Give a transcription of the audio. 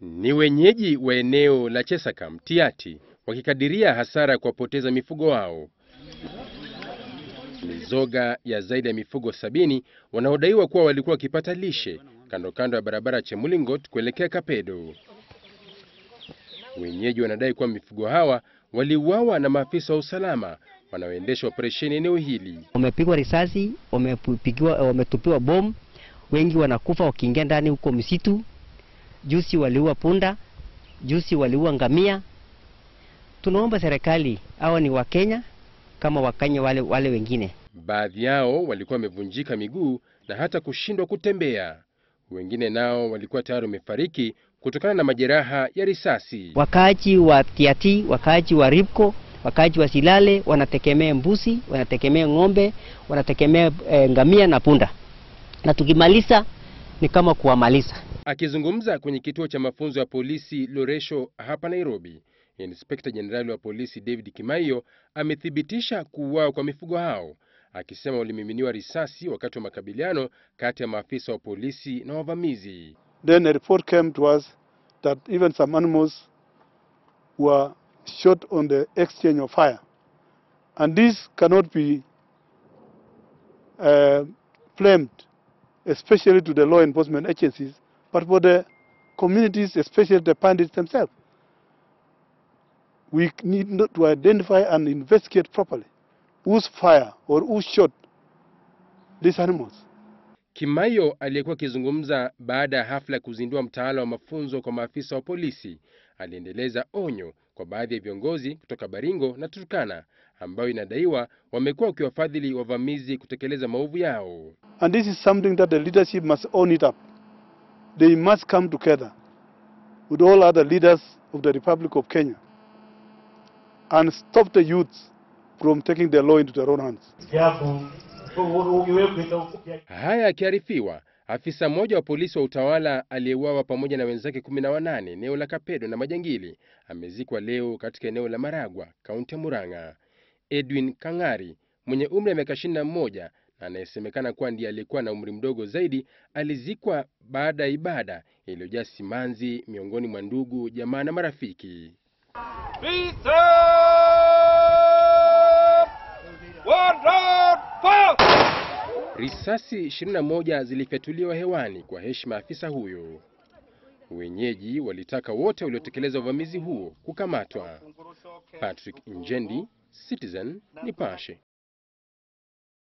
Ni wenyeji wa eneo la Chesaka Mtiati wakikadiria hasara kwa poteza mifugo wao. Mizoga ya zaidi ya mifugo sabini wanaodaiwa kuwa walikuwa wakipata lishe kando kando ya barabara ya Chemulingot kuelekea Kapedo. Wenyeji wanadai kuwa mifugo hawa waliuawa na maafisa wa usalama wanaoendesha operesheni eneo hili. Wamepigwa risasi, wametupiwa bomu wengi wanakufa wakiingia ndani huko msitu. Jusi waliua punda, jusi waliua ngamia. Tunaomba serikali, hawa ni Wakenya kama Wakenya wale, wale wengine. Baadhi yao walikuwa wamevunjika miguu na hata kushindwa kutembea. Wengine nao walikuwa tayari wamefariki kutokana na majeraha ya risasi. Wakaaji wa Tiatii, wakaaji wa Ripko, wakaaji wa Silale wanategemea mbuzi, wanategemea ng'ombe, wanategemea e, ngamia na punda na tukimaliza ni kama kuwamaliza. Akizungumza kwenye kituo cha mafunzo ya polisi Loresho hapa Nairobi, Inspekta Jenerali wa polisi David Kimaiyo amethibitisha kuuawa kwa mifugo hao akisema walimiminiwa risasi wakati wa makabiliano kati ya maafisa wa polisi na wavamizi. Then a report came to us that even some animals were shot on the exchange of fire and this cannot be uh, blamed especially to the law enforcement agencies, but for the communities, especially the bandits themselves. We need to identify and investigate properly whose fire or who shot these animals. Kimayo aliyekuwa akizungumza baada ya hafla ya kuzindua mtaala wa mafunzo kwa maafisa wa polisi aliendeleza onyo kwa baadhi ya viongozi kutoka Baringo na Turkana ambayo inadaiwa wamekuwa wakiwafadhili wavamizi kutekeleza maovu yao. And this is something that the leadership must own it up. They must come together with all other leaders of the Republic of Kenya and stop the youths from taking their law into their own hands. Haya akiarifiwa afisa mmoja wa polisi wa utawala aliyeuawa pamoja na wenzake kumi na wanane eneo la Kapedo na Majangili amezikwa leo katika eneo la Maragwa, kaunti ya Murang'a. Edwin Kang'ari mwenye umri wa miaka 21 na anayesemekana kuwa ndiye aliyekuwa na umri mdogo zaidi alizikwa baada ya ibada iliyojaa simanzi miongoni mwa ndugu, jamaa na marafiki Peter! Risasi 21 zilifyatuliwa hewani kwa heshima afisa huyo. Wenyeji walitaka wote waliotekeleza uvamizi huo kukamatwa. Patrick Njendi, Citizen Nipashe.